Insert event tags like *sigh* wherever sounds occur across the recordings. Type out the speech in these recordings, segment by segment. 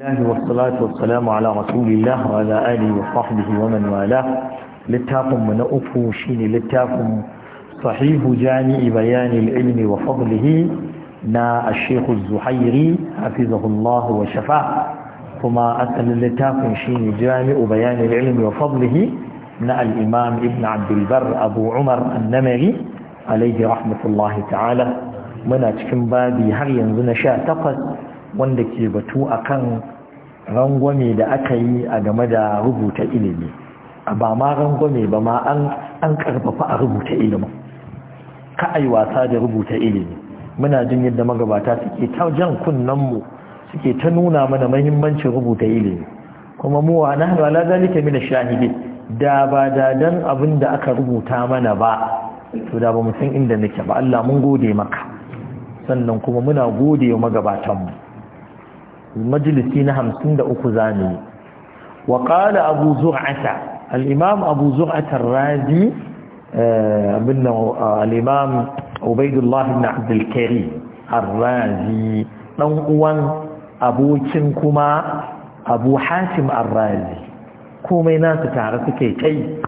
الله والصلاة والسلام على رسول الله وعلى آله وصحبه ومن والاه لتاكم من أفوشين لتاكم صحيح جامع بيان العلم وفضله نا الشيخ الزحيري حفظه الله وشفاه ثم أسأل لتاكم شين جامع بيان العلم وفضله نا الإمام ابن عبد البر أبو عمر النمري عليه رحمة الله تعالى من أتكم بابي هل ينزل شاء تقص wanda ke batu a kan rangwame da aka yi a game da rubuta ilimi ba ma rangwame ba ma an karfafa a rubuta ilimin ka yi wasa da rubuta ilimi muna jin yadda magabata suke ta jan kunnenmu suke ta nuna mana mahimmancin rubuta ilimi kuma mu na nahnu ala zalika mina shahidi da ba da dan abin da aka rubuta mana ba to da ba mu san inda nake ba Allah mun gode maka sannan kuma muna gode wa magabatanmu majalisi na hamsin da uku zane wa ƙala abu zur'ata al'imam abu zur'atar razi eh, abin al'imam ubaidullah ibn abdulkari arrazi ɗan uwan abokin kuma abu hatim arrazi komai nasu tare suke kai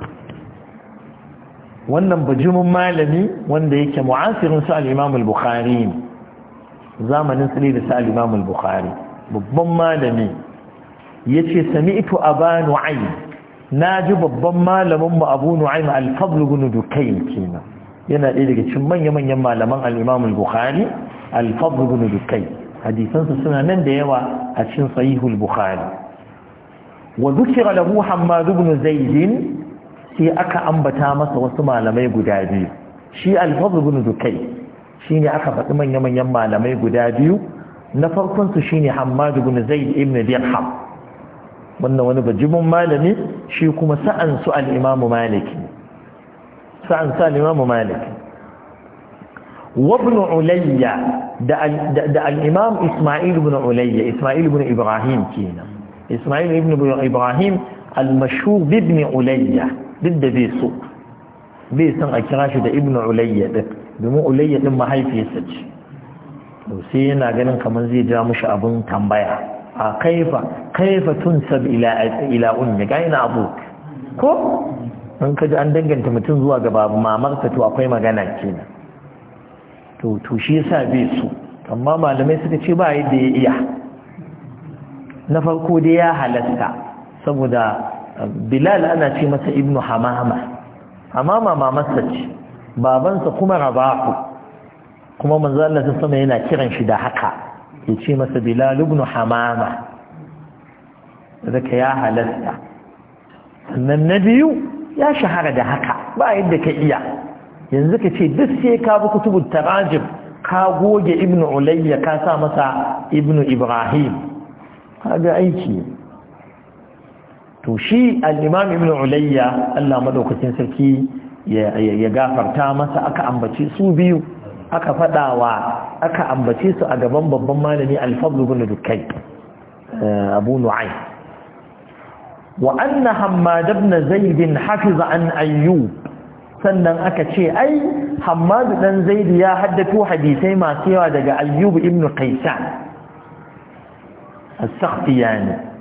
wannan bajimin malami wanda yake mu'asirin su al-imam al-bukhari zamanin su ne da su al-imam al babban malami yace sami'tu aba na ji babban malamin mu abu nu'aym al-fadl ibn kenan yana ɗaya daga cikin manya-manyan malaman al-imam al-bukhari al-fadl ibn hadisansa suna nan da yawa a cikin sahihul bukhari wa dhukira lahu hammad ibn zaid sai aka ambata masa wasu malamai guda biyu shi al-fadl ibn shine aka faɗi manya-manyan malamai guda biyu na farkon su shine Hammad ibn Zaid ibn Dirham wannan wani bajimin malami shi kuma sa'an su al-Imam Malik sa'an sa al-Imam Malik wa ibn Ulayya da al-Imam Isma'il ibn Ulayya Isma'il ibn Ibrahim kenan Isma'il ibn Ibrahim al-mashhur bi ibn Ulayya din da bai so bai san a kira shi da ibn Ulayya din domin Ulayya din mahaifiyarsa ce to sai yana ganin kamar zai ja mushi abun tambaya a kaifa kaifa sab ila ila ummi ga ina abu ko an ji an danganta mutum zuwa ga babu mamarsa to akwai magana kenan to to shi yasa bai so amma malamai suka ce ba yadda ya iya na farko dai ya halasta saboda bilal ana ce masa ibnu hamama hamama mamarsa ce babansa kuma rabaku kuma manzo Allah ta sama yana kiran shi da haka yace masa bilal ibn hamama zaka ya halasta sannan na biyu ya shahara da haka ba yadda ka iya yanzu kace ce duk sai ka bi kutubut tarajim ka goge ibn ulayya ka sa masa ibn ibrahim kaga aiki to shi al-imam ibn ulayya Allah madaukakin sarki ya gafarta masa aka ambace su biyu aka fadawa aka ambace su a gaban babban malami al-fadl ibn dukkai eh, abu Nu'ai. wa anna hammad ibn zaid hafiza an ayyub sannan aka ce ai hammad dan zaid ya haddato hadisai masu yawa daga ayyub ibn qaisan as-sakhtiyani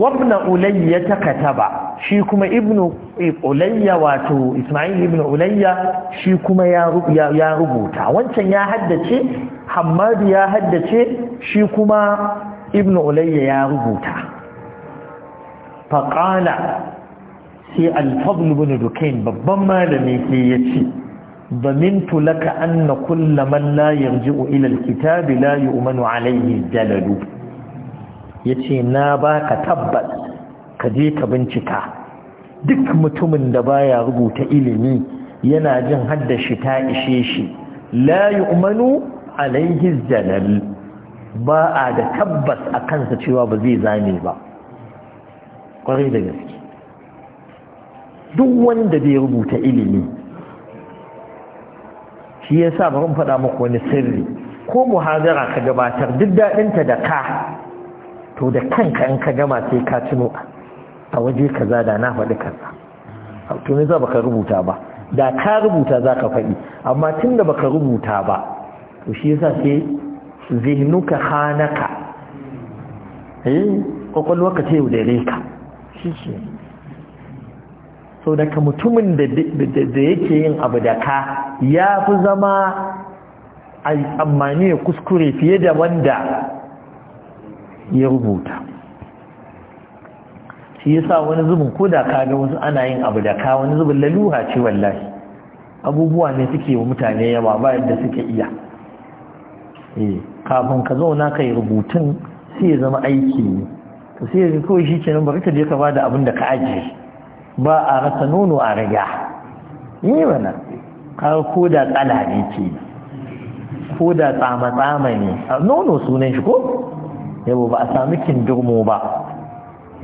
wabna ulayya ta kataba shi kuma ibnu ulayya wato ismail ibnu ulayya shi kuma ya rubuta wancan ya haddace hammadu ya haddace shi kuma ibnu ulayya ya rubuta faƙala sai alfablu bin dukain babban malami ke ya ce laka لك أن كل من لا يرجع إلى الكتاب لا يؤمن عليه ya ce na ba ka tabbas ka je ka bincika duk mutumin da baya rubuta ilimi yana jin haddashi ta ishe shi la yu'manu alaihi janar ba a da tabbas a kansa cewa ba zai zame ba kwarai da gaske duk wanda bai rubuta ilimi shi yasa ba mun faɗa muku wani sirri ko muhazara ka gabatar duk daɗinta da ka to da kanka in ka gama sai ka tuno a waje kaza da na faɗi kaza to ne za baka rubuta ba da ka rubuta za ka faɗi amma tun da baka rubuta ba to shi yasa sai zihnuka hanaka eh kokolwa ka ce yaudare ka shi sau daga mutumin da yake yin abu da ka ya fi zama a tsammani ya kuskure fiye da wanda ya rubuta shi yasa wani zubin ko da ga wasu ana yin abu da ka wani zubin laluha ce wallahi abubuwa ne suke wa mutane yawa ba yadda suke iya eh, kafin ka zauna ka yi rubutun sai ya zama aiki ne to sai ya kawai shi kenan bari ka je ka bada abin da ka ajiye ba a rasa nono a riga yi mana ka ko da tsala ne ke ko da tsama-tsama ne nono sunan shi ko Yabo ba a sami kindirmo ba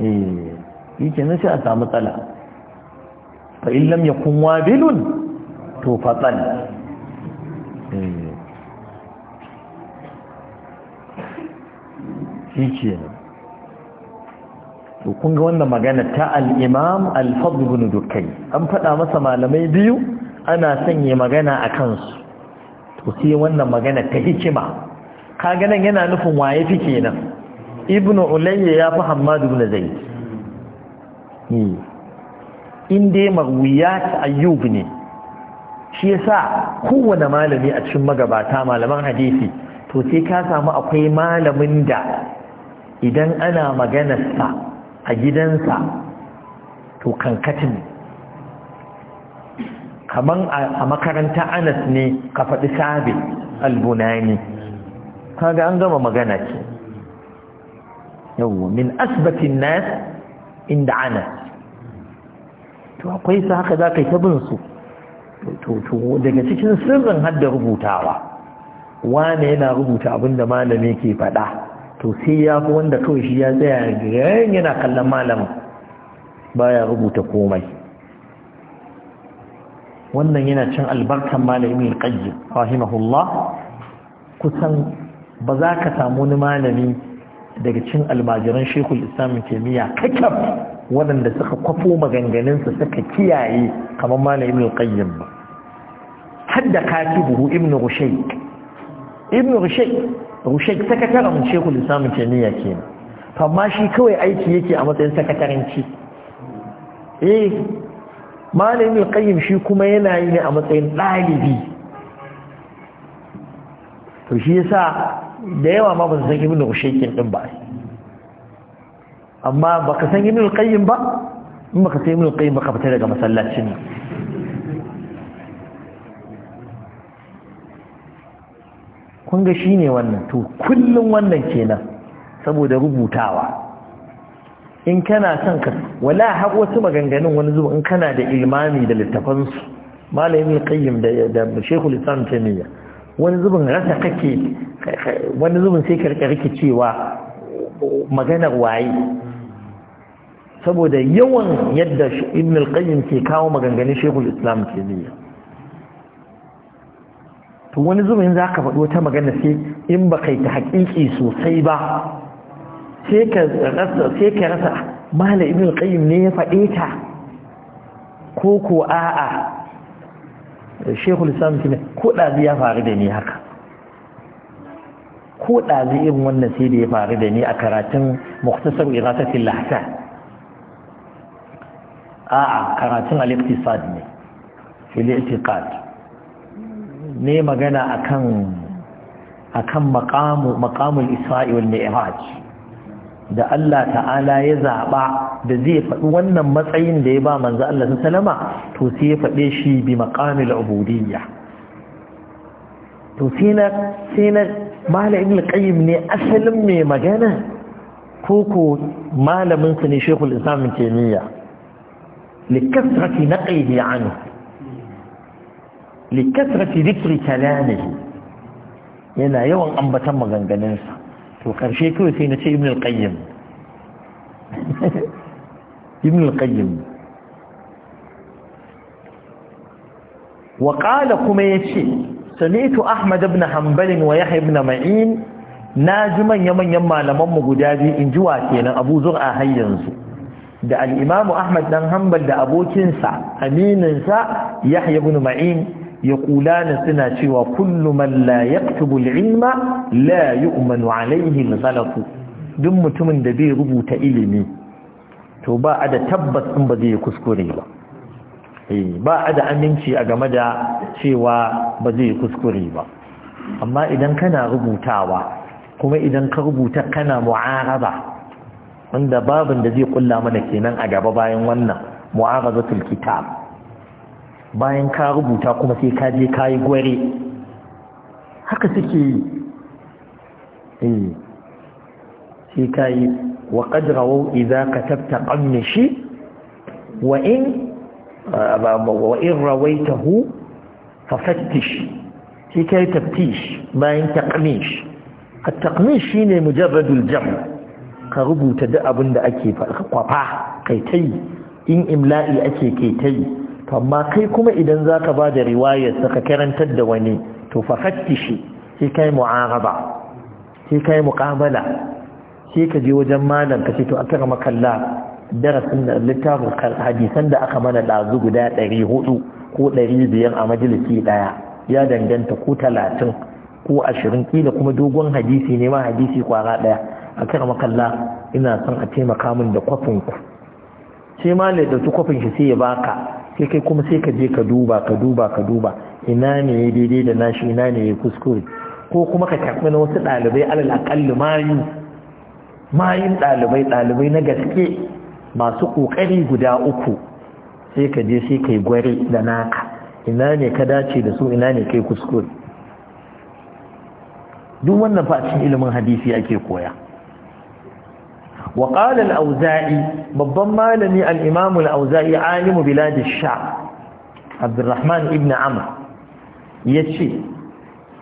eh yake nan sai a samu tsala fa in lam yakun wabilun to fa eh yake to kun ga wannan magana ta al-imam al-fadl ibn dukay an faɗa masa malamai biyu ana sanye magana a kansu to sai wannan magana ta hikima kaga nan yana nufin waye fi kenan ibnu ulayya ya fi hammadu ibn zaid hmm. in dai marwiyat ayyub ne shi yasa kowane malami a cikin magabata malaman hadisi to sai ka samu akwai malamin da idan ana maganarsa a gidansa to kankatin kaman a makaranta anas ne ka faɗi sabi albunani kaga an gama magana ce yawwa min asibitin nas inda ana to akwai su haka za ka yi ta bin su to daga cikin sirrin hadda rubutawa wane yana rubuta abinda malami ke faɗa to sai ya fi wanda kawai shi ya tsaya gayan yana kallon malamin baya rubuta komai wannan yana cin albarkan malamin qayyim rahimahullah kusan ba za ka samu wani malami daga cin almajiran shekul islamin taimiyya kakaf waɗanda suka kwafo maganganunsa suka kiyaye kamar malam ibn qayyim ba hadda buhu ibn rushaik ibn rushaik rushaik sakataren shekul islamin taimiyya kenan amma shi kawai aiki yake a matsayin sakataranci eh malam ibn qayyim shi kuma yana yi ne a matsayin ɗalibi to shi yasa da yawa ma ba su san ibn ushaykin din ba amma baka san ibn al-qayyim ba in baka san ibn al-qayyim ka fita daga masallacin kun ga shine wannan to kullum wannan kenan saboda rubutawa in kana son ka wala har wasu maganganun wani zuwa in kana da ilmami da littafansu malamin qayyim da shekul shaykhul islam miya. wani zubin rasa kake wani zubin sai rike cewa maganar waye saboda yawan yadda ibn al-qayyim ke kawo maganganun shekul islam ke niyya to wani zubin zaka ka ta wata magana sai in ba kai ta haƙiƙi sosai ba sai ka rasa mala ibn al-qayyim ne ya faɗe ta ko ko a'a shekul islam ne ko ɗazi ya faru da ni haka ko ɗazi irin wannan sai da ya faru da ni a karatun muktasar iratatin lahta a'a karatun al ne fil ne magana akan akan maqamu maqamul isra'i wal mi'raj da Allah ta'ala ya zaba da zai faɗi wannan matsayin da ya ba manzo Allah sallama to sai ya faɗe shi bi maqamil a'budiyya. to sai na sai na malamin qayyim ne asalin mai magana ko ko malamin sa ne shekul islam taymiya likasrati naqlihi anhu likasrati dhikri kalamihi yana yawan ambatan maganganunsa to karshe kawai sai na ce ibn al-qayyim *laughs* ibn al-qayyim wa qala kuma yace sami'tu ahmad ibn hanbal wa yahya ibn ma'in naji manyan manyan malaman mu guda biyu inji wa kenan abu zur'a har yanzu da al-imam ahmad dan hanbal da abokinsa aminin sa yahya ibn ma'in yaqulana suna cewa kullu man la yaktubu al-ilma la yu'manu alayhi al duk mutumin da bai rubuta ilimi to ba a da tabbas in ba zai kuskure ba eh, ba a da aminci a game da cewa ba zai kuskure ba amma idan kana rubutawa kuma idan ka rubuta kana mu'araba wanda babin da zai kulla mana kenan a gaba bayan wannan mu'araba kitab bayan ka rubuta kuma sai ka je kayi gware haka suke yi eh, sai ka yi وقد رووا إذا كتبت قمشي وإن وإن رويته ففتش هي كي تفتيش ما إن تقميش التقميش هنا مجرد الجمع كربو تدأب عند أكي فقفا كيتي إن إملائي أكي كيتي فما كيكم إذا ذاك بعد رواية سككرن تدوني تفتش هي كي معارضة هي كي مقابلة sai ka je wajen malam ka ce to kira makalla darasin da littafin hadisan da aka mana ɗazu guda ɗari hudu ko ɗari biyar a majalisi ɗaya ya danganta ko talatin ko ashirin kila kuma dogon hadisi ne ma hadisi kwara ɗaya a kira makalla ina son a taimaka min da kwafin ku sai ma da ɗauki kwafin shi sai ya baka sai kai kuma sai ka je ka duba ka duba ka duba ina ne ya daidai da nashi ina ne ya kuskure ko kuma ka karɓi na wasu ɗalibai alal akalli mayu mayin ɗalibai ɗalibai na gaske masu ƙoƙari guda uku sai ka je sai yi gwari da naka ina ne ka dace da su ina ne kai kuskure duk wannan fa ilimin hadisi ake koya wa qala al-auza'i babban malami al-imam auzai alimu bilad Sha sham abdurrahman ibn ya ce.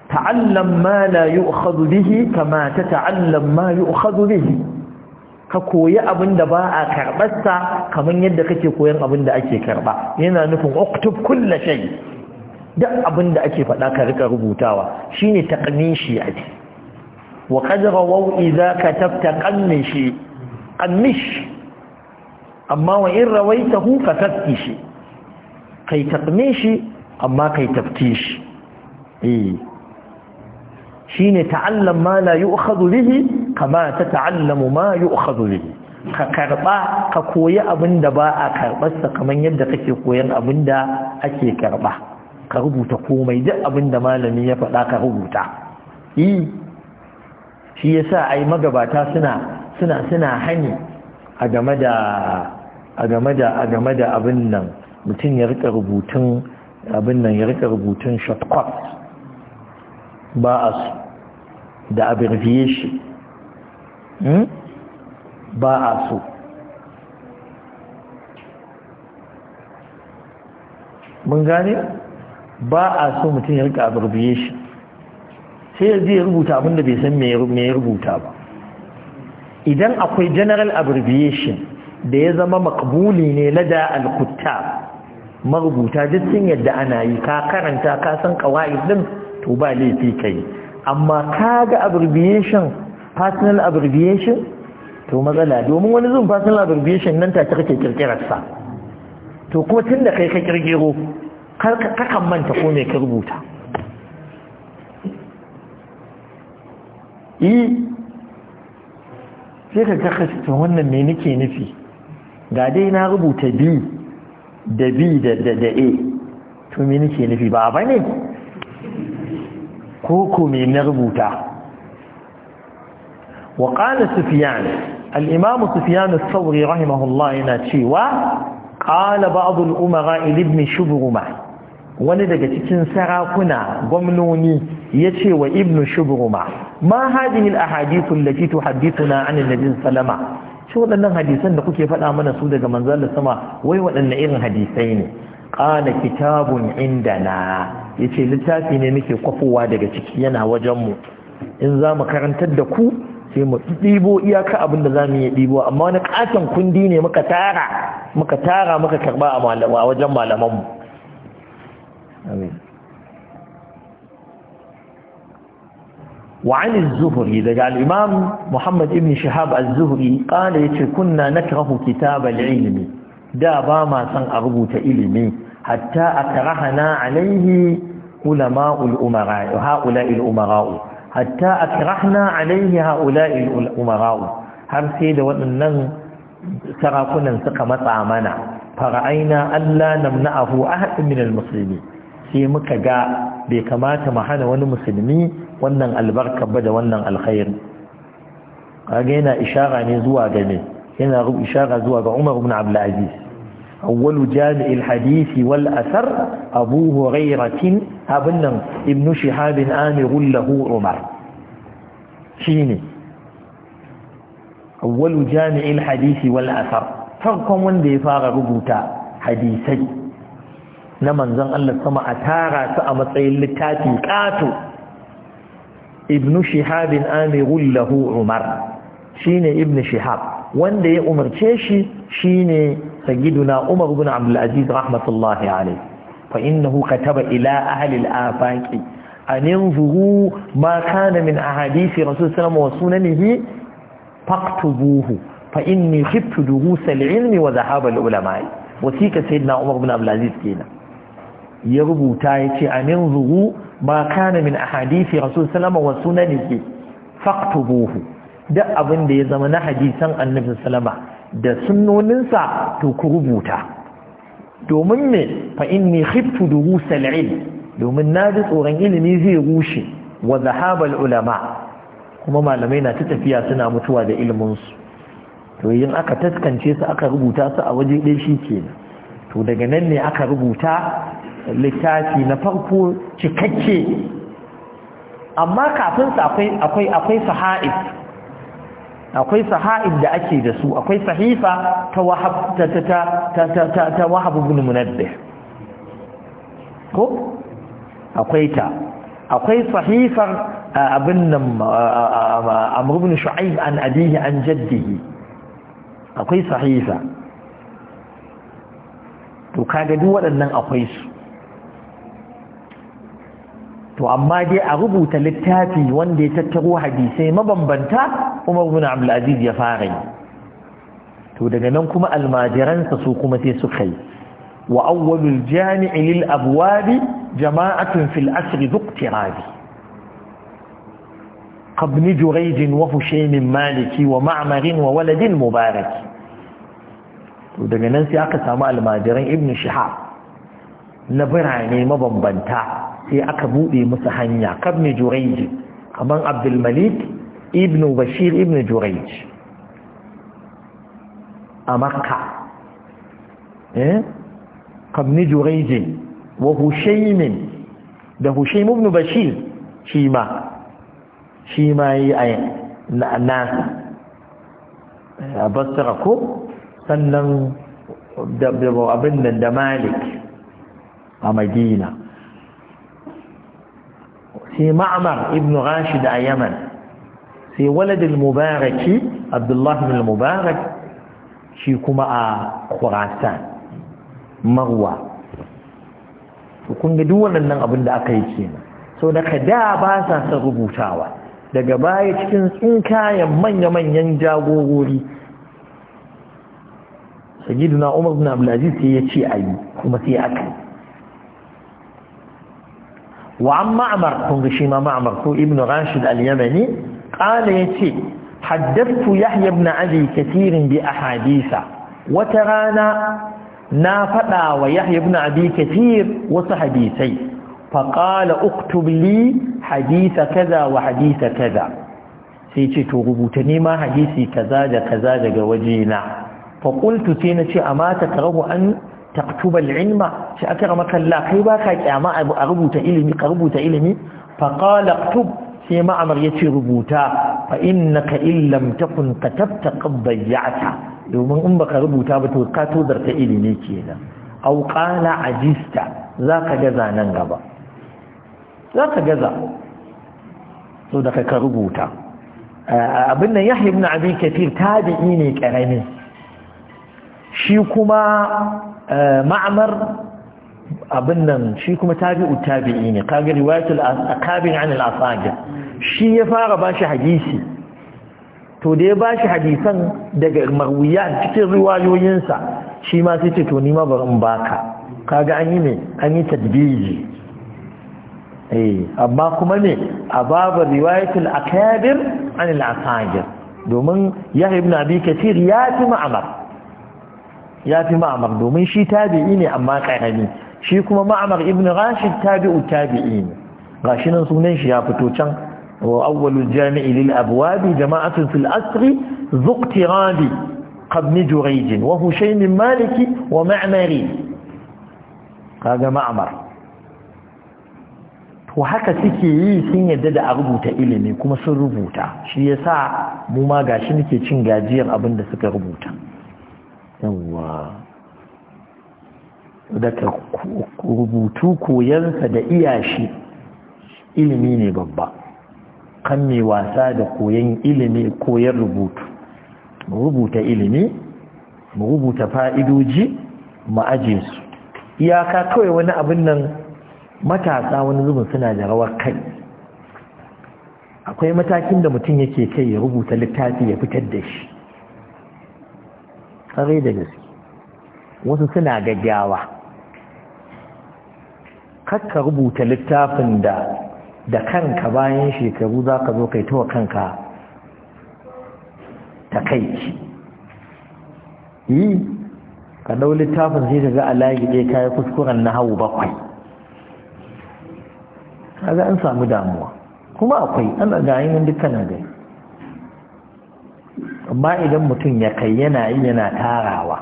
ta'allam ma la yu'khadhu bihi kama tata'allam ma yu'khadhu bihi ka koyi abin da ba a kamar yadda kake koyan abin da ake karba yana nufin uktub kullu shay duk abin da ake faɗa ka rika rubutawa shine taqnishi aji wa qad rawaw idza katabta qannishi qannish amma wa in rawaitahu fa kai taqnishi amma kai taftishi eh Shi shine ta'allam ma la yu'khadhu bihi kama tata'allamu ma yu'khadhu bihi ka karɓa ka koyi abinda ba a karbarsa kamar yadda kake koyan abinda ake karɓa ka rubuta komai duk abinda malami ya faɗa ka rubuta yi shi yasa ai magabata suna suna suna hani a game da a game da abin nan mutum ya rika rubutun abin nan ya rika rubutun shortcut ba a su da shi hmm? ba a so mun gane ba a so mutum ya rika shi sai yanzu ya rubuta abinda bai san me ya rubuta ba idan akwai general abbreviation da ya zama makabuli ne na da alkutta marubuta duk sun yadda ana yi ka karanta ka san kawai din to ba laifi kai amma kaga abbreviation personal abbreviation to matsala domin wani zun personal abbreviation nan take kake kirkirar sa to kuma tunda kai ka kirgiro kar ka kan manta ko me ka rubuta i e, sai ka kaka cikin wannan me nake nufi ga dai na rubuta b da b da da a to me nake nufi ba ba ne koko me na rubuta wa Sufiyan sufyan Sufiyanu imam sufyan ath rahimahullah yana cewa ƙala ba'd al-umara ibn shubruma wani daga cikin sarakuna gwamnoni yace wa ibn shubruma ma hadhihi al-ahadith allati tuhaddithuna 'an an-nabi salama shi waɗannan hadisan da kuke faɗa mana su daga manzon sama wai waɗanne irin hadisai ne ƙana kitabun indana ya ce littafi ne muke kwafowa daga ciki yana wajenmu in za mu karantar da ku sai mu ɗibo iyaka abin da za mu iya ɗibo amma wani ƙaton kundi ne muka tara muka tara muka karɓa a wajen malamanmu وعن الزهري ذا الإمام محمد ابن شهاب الزهري قال يتي كنا نكره كتاب العلم ma باما a rubuta ilimi. hatta akrahana alaihi ulama'ul umara ha'ula'il umara'u hatta akrahna alaihi ha'ula'il har sai da waɗannan sarakunan suka matsa mana fara'aina Allah namna'ahu ahadin minal musulmi sai muka ga bai kamata mu hana wani musulmi wannan albarka ba da wannan alkhairi kage yana ishara ne zuwa ga ne yana ishara zuwa ga Umar ibn Abdul Aziz awwalu jami'il hadisi wal asar abu hurairatin abin nan ibnu shihabin amirul lahu umar shine awwalu jami'il hadisi wal asar farkon wanda ya fara rubuta hadisai na manzon Allah sama a tara su a matsayin littafi kato ibnu shihabin amirul lahu umar shine ibn shihab wanda ya umarce shi shine sayyiduna umar ibn abdul aziz rahmatullahi alayhi fa innahu kataba ila ahli al-afaqi an yanzuru ma kana min ahadisi rasul sallallahu wa sunanihi faqtubuhu fa inni khiftu durus al-ilm wa dhahab al-ulama wasika sayyidina umar ibn abdul aziz kenan ya rubuta yace an yanzuru ma kana min ahadisi rasul sallallahu wa sunanihi faqtubuhu duk abin da ya zama na hadisan annabi salama da sunnoninsa to ku rubuta domin me fa inni khiftu al ilm domin na ji tsoron ilimi zai rushe wa zahabal ulama kuma malamai na ta tafiya suna mutuwa da su to yin aka taskance su aka rubuta su a waje ɗaya shi to daga nan ne aka rubuta littafi na farko cikakke amma kafin akwai akwai akwai saha'ib akwai saha'i da ake da su akwai sahifa ta wahab ta ta ta ta ta ta wahab ibn munabbih ko akwai ta akwai sahifar abin nan amr ibn shu'aib an abihi an jaddihi akwai sahifa to kaga duk waɗannan akwai su to amma dai a rubuta littafi wanda ya tattaro hadisai mabambanta Umar ibn Abdul Aziz ya fara yi to daga nan kuma almajiransa su kuma sai suka yi wa awwalul jami'i lil abwabi jama'atun fil asr dhuqtirabi qabn jurayj wa husayn maliki wa ma'mar wa walad mubarak to daga nan sai aka samu almajiran ibn shihab na birane mabambanta sai aka buɗe musu hanya kabni juraiji kamar abdulmalik ibn bashir ibn jureji. a makka eh? kabni jureji wa hushaimin da hushaim ibn bashir shi ma shi ma yi a nasa a basira ko sannan abin nan da malik a madina sai ma'amar ibn rashid a yaman sai waladin mubaraki abdullahi bin mubarak shi kuma a kurasan marwa kun ga duk waɗannan abin da aka yi kenan so daga da ba sa son rubutawa daga baya cikin tsinkayen manya-manyan jagorori na umar bin abdulaziz sai ya ce a yi kuma sai aka yi wa ma'mar kunga shi ma ko ibnu rashid al-yamani qala yace haddathu yahya ibn abi kathir bi hadisa wata rana na fada wa yahya ibn abi kathir wasu hadisai fa qala uktub li kaza wa hadisa kaza sai ce to rubuta ne ma hadisi kaza da kaza daga wajina fa qultu ce na ce amma ta karabu an taktubal ilma shi aka rama kalla kai ba ka kyama a rubuta ilimi ka rubuta ilimi faƙala tub sai ma'amar ya rubuta fa inna ka illam takun ka tabta domin in baka rubuta ba to ka tozar ta ilimi kenan au ajista za ka gaza nan gaba za ka gaza so da ka rubuta eh, abin nan yahya ibn abi kathir tabi'i ne karamin shi kuma eh, ma'amar abin nan shi kuma tabi'u tabi'i ne kaga riwayatul akabir an al-asajir shi ya fara bashi hadisi to da ya bashi hadisan daga marwiya cikin riwayoyinsa shi ma sai ce to ni ma barin baka kaga an yi ne an yi tadbiji eh amma kuma ne a babu riwayatul akabir an al-asajir domin yahya ibn abi kathir ya fi ma'amar ya fi ma'amar domin shi tabi'i ne amma ƙarami shi kuma ma'amar ibn rashid tabi'u tabi'i ne shi nan sunan shi ya fito can wa awwalu jami'i lil abwabi jama'atun fil asri zuqtirabi qabni jurayj wa husayn maliki wa ma'mari kaga ma'amar to haka suke yi sun yadda da a rubuta ilimi kuma sun rubuta shi yasa mu ma gashi nake cin gajiyar abin da suka rubuta yawwa daga rubutu koyansa da iyashi ilimi ne babba kan mai wasa da koyan ilimi koyan rubutu mu rubuta ilimi mu rubuta fa'idoji mu aje su iyaka kawai wani abin nan matasa wani zubin suna da rawar kai akwai matakin da mutum yake kai ya rubuta littafi ya fitar da shi sarai da gaske wasu suna gaggawa kakka rubuta littafin da da kanka bayan shekaru za ka zo kai tawa kanka ta kai yi ka ɗau littafin sai ka ga alayi ɗaya kayi kuskuren na hau bakwai ga an samu damuwa kuma akwai ana gayi nan dukkanin gai amma idan mutum ya kai yana yi yana tarawa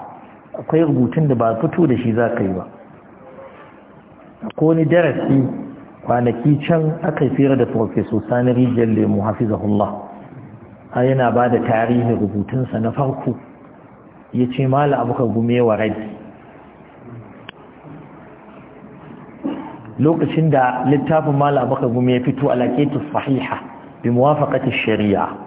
akwai rubutun da ba fito da shi za ka yi ba ko ni darasi kwanaki can aka yi fira da profesor sani rijiyar lemu hafizahullah a yana ba da tarihin rubutunsa na farko ya ce mala abu ka gume wa rai lokacin da littafin mala abu ka gume ya fito alaƙetus sahiha bi muwafaƙatis shari'a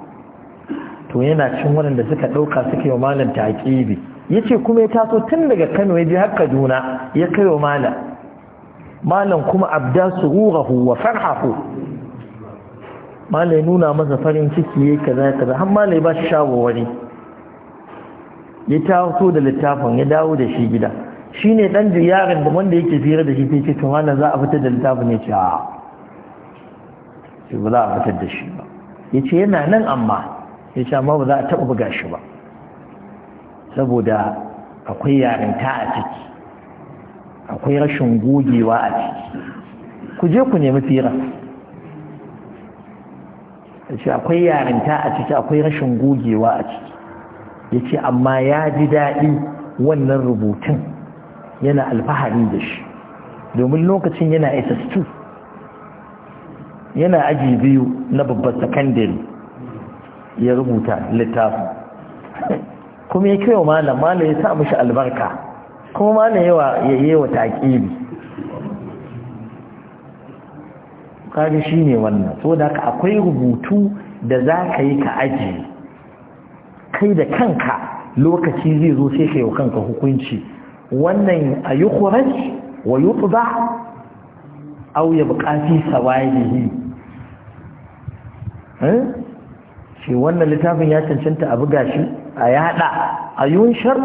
to yana cin waɗanda suka ɗauka suke wa malam ta aƙibi ya ce kuma ya taso tun daga kano ya je har kaduna ya kai wa malam malam kuma abda sururahu wa farhahu malam nuna masa farin ciki ya yi kaza kaza har malam ba shi shawarwari ya taso da littafin ya dawo da shi gida Shi ne dan yaron da wanda yake fira da shi ta ce to za a fitar da littafin ya ce a ba za a fitar da shi ba Ya ce yana nan amma ya ce amma ba za a taɓa buga shi ba saboda akwai yarinta a ciki akwai rashin gogewa a ciki ku je ku nemi fira ya ce akwai yarinta a ciki akwai rashin gogewa a ciki ya ce amma ya ji daɗi wannan rubutun yana alfahari da shi domin lokacin yana ss2 yana aji biyu na babbar sakandare ya rubuta littafi kuma ya kewa malam malam ya sa mashi albarka kuma malam yawa ya yi wa taƙiri kaga shi ne wannan so da ka akwai rubutu da za ka yi ka aji. kai da kanka lokaci zai zo sai ka yi wa kanka hukunci wannan a yi wa yi au ya buƙafi sawayihi ce wannan littafin ya cancanta a buga shi a yada a yunshar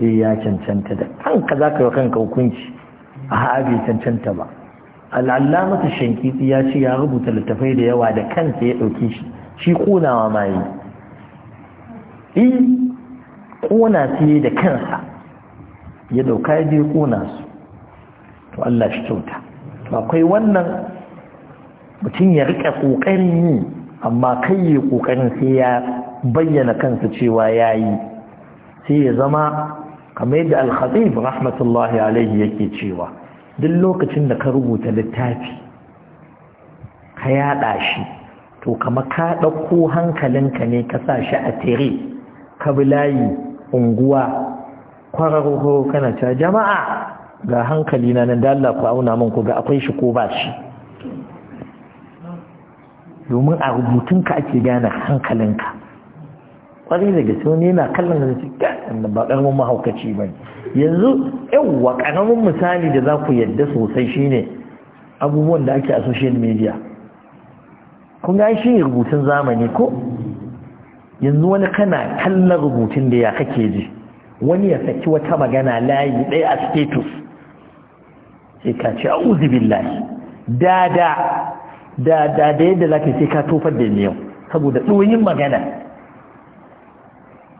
eh ya cancanta da kanka za ka yi kanka hukunci a bai cancanta ba al'allamata shankiti ya ce ya rubuta littafai da yawa da kansa ya ɗauki shi shi ƙonawa ma yi in eh, ƙona su yi da kansa ya ɗauka ya je ƙona su to Allah shi kyauta akwai wannan mutum ya riƙa ƙoƙarin yi amma kai yi ƙoƙarin sai ya bayyana kansa cewa ya yi, sai ya zama kamar yadda al rahmatullahi alaihi yake cewa duk lokacin da ka rubuta littafi ka yaɗa shi to kama ka ɗauko hankalinka ne ka sa shi a tere ka bi layi unguwa kwararro kana ta jama'a ga hankali na nan da Allah ku auna min ku ga akwai shi ko ba shi domin a rubutunka ake gane hankalinka kwari da gaske wani yana kallon da su da ba karamin mahaukaci ba yanzu yawwa karamin misali da za ku yadda sosai shine abubuwan da ake a social media kun ga shi ne rubutun zamani ko yanzu wani kana kallon rubutun da ya kake ji wani ya saki wata magana layi ɗaya a status sai ka ce uzi billahi dada da da da yadda zaka sai ka tofar da miyau saboda tsoyin magana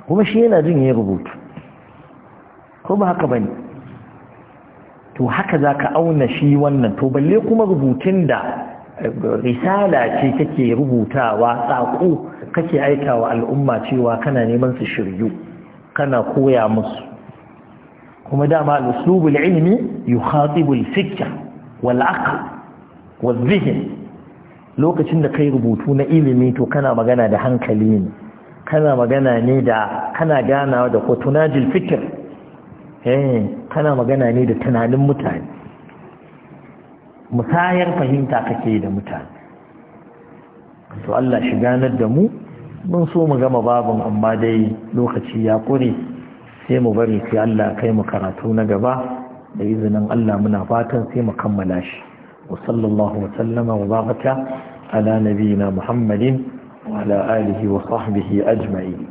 kuma shi yana jin yayin rubutu ko ba haka bane to haka zaka auna shi wannan to balle kuma rubutun da eh, risala ce kake rubutawa tsako kake aikawa al'umma cewa kana neman su shiryu kana koya musu kuma dama al'uslubul ilmi yukhatibul fikr wal aql wal dhihn lokacin da kai rubutu na ilimi to kana magana da hankali ne kana magana ne da kana ganawa da kotunajil fikir eh kana magana ne da tunanin mutane musayar fahimta kake da mutane to Allah shi ganar da mu mun so mu gama babin amma dai lokaci ya kure sai mu bari sai Allah kai mu karatu na gaba da izinin Allah muna fatan sai mu kammala shi wa sallallahu wa sallama على نبينا محمد وعلى آله وصحبه أجمعين